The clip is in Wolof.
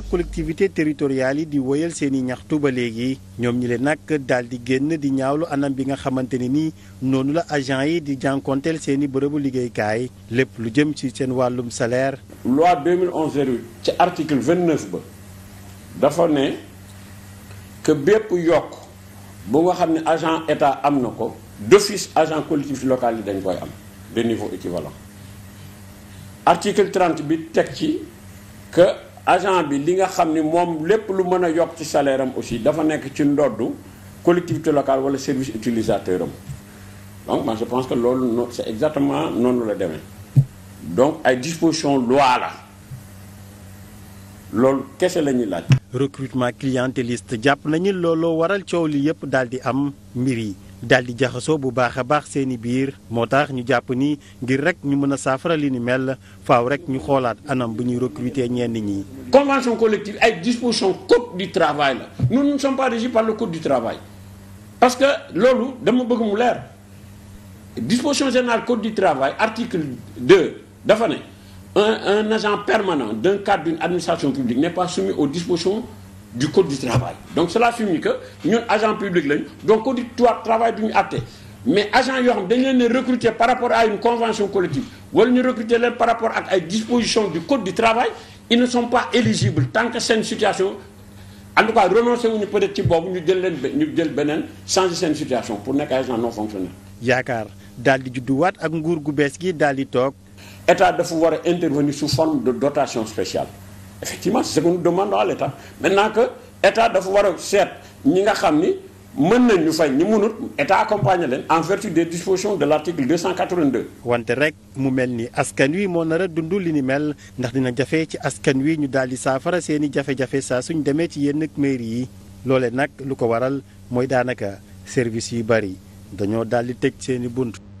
collectivité territoriale yi di woyal seeni ñaxtu ba léegi ñoom ñi leen nag daal di génn di ñaawlu anam bi nga xamante ne nii noonu la agent yi di jànkonteel seen i bërëbu liggéeykaay lépp lu jëm ci seen wàllum salaire. loi 2011 ci article 29 ba dafa ne que bépp yokk bu nga xam ne agent état am na ko d'office agent collectivité locale yi dañ koy am de niveau équivalent article bi teg ci que. agent bi li nga xam ni moom lépp lu mën a yokk ci saleeram aussi dafa nekk ci ndoddu collectivité locale wala service utilisateur am donc man je pense que loolu non c'est exactement noonu la deme donc ay disposition loi la loolu kese la ñuy laaj. recrutement clientéliste jàpp nañu looloo waral coow lii yëpp daal di am mbir yi. daal di jaxasoo bu baax a baax seeni biir moo tax ñu jàpp nii ngir rek ñu mën a saafara li ni mel faaw rek ñu xoolaat anam bu ñuy recruter ñenn ñi. convention collective ay disposition code du travail la nous ne sommes pas régis par le code du travail parce que loolu dama bëgg mu leer disposition générale code du travail article 2 dafa ne un un agent permanent d'un cadre d'une administration publique n'est pas soumis aux dispositions. du code du travail donc cela signifie que ñun agent public lañ donc code du travail du ñu àtte mais agent yoo xam dañ leen ne recruter par rapport à une convention collective wala ñu recruter leen par rapport ak ay dispositions du code du travail ils ne sont pas éligibles tant que seen situation en tout cas renoncé wuñu peut-être ci boobu ñu jël leen ñu jël beneen changer seen situation pour nekk agent non fonctionnaire. yaakaar daal di judduwaat ak nguur gu bees gi daal di toog. état dafa war a intervenir sous de dotation spéciale. effectivement c'est ce que nous demandons à l'État maintenant état dafa war a seet ñi nga xam ni mën nañ ñu fay ñi mënut état accompagner leen en vertu des dispositions de l'article 282. wante rek mu mel ni askan wi moo nar a dund li ni mel ndax dina jafe ci askan wii ñu daal di saafara seeni i jafe-jafe saa suñ demee ci yenn mairie yi loole nag lu ko waral mooy daanaka service yu bari dañoo daal di tëj seen i bunt.